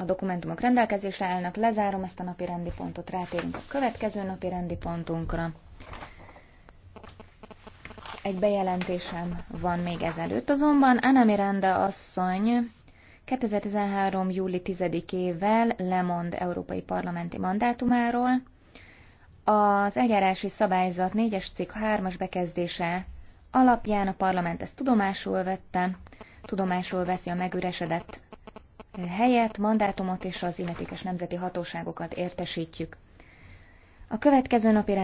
a dokumentumok rendelkezésre állnak, lezárom ezt a napi rendi pontot, rátérünk a következő napi rendi pontunkra. Egy bejelentésem van még ezelőtt, azonban Anna Miranda asszony 2013. júli 10-ével lemond európai parlamenti mandátumáról. Az eljárási szabályzat 4-es cikk 3-as bekezdése alapján a parlament ezt tudomásul vette, tudomásul veszi a megüresedett helyet, mandátumot és az illetékes nemzeti hatóságokat értesítjük. A következő napi